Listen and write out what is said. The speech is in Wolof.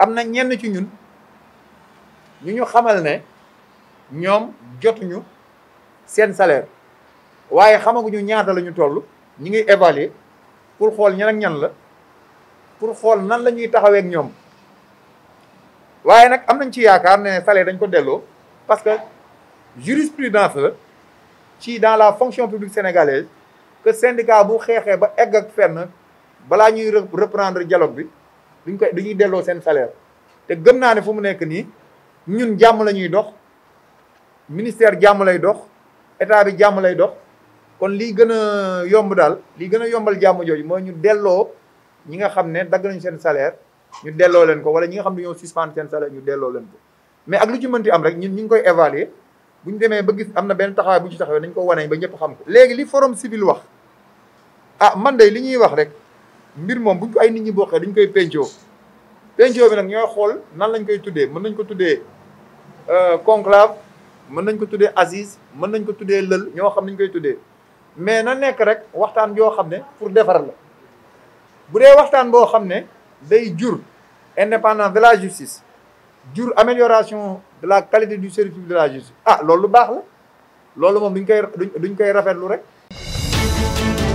am na ñenn ci ñun ñu ñu xamal ne ñoom jotuñu seen salaire waaye xamaguñu ñaata la ñu toll ñi ngi évaluer pour xool ñan ak ñan la pour xool nan la ñuy taxawee ñoom waaye nag am nañ ci yaakaar ne salaire dañ ko delloo parce que jurisprudence la ci dans la fonction publique sénégalaise que syndicat bu xeexee ba egg ak fenn balaa ñuy reprendre dialogue bi duñ koy duñuy delloo seen salaire te gëm naa ne fu mu nekk nii ñun jàmm la ñuy dox ministère jàmm lay dox état bi jàmm lay dox kon lii gën a yomb daal lii gën a yombal jàmm jooju mooy ñu delloo ñi nga xam ne dagg nañu seen salaire ñu delloo leen ko wala ñi nga xam ne ñoo suspendre seen salaire ñu delloo leen ko mais ak lu ci mënti am rek ñun ñu ngi koy évaluer bu ñu demee ba gis am na benn taxawaay bu ñu ci taxawee nañ ko wane ba ñëpp xam ko. léegi li forum civil wax ah man de li ñuy wax rek. mbir moom bu ay nit ñi bokkee dañ koy pencoo pencoo bi nag ñoo xool nan lañ koy tuddee mën nañ ko tuddee euh, conclave mën nañ ko tuddee assise mën nañ ko tuddee lël ñoo xam nañ koy tuddee mais na nekk rek waxtaan yoo xam ne pour defar la bu dee waxtaan boo xam ne day jur indépendance de la justice jur amélioration de la qualité du service public de la justice ah loolu lu baax la loolu moom duñ koy duñ koy rafetlu rek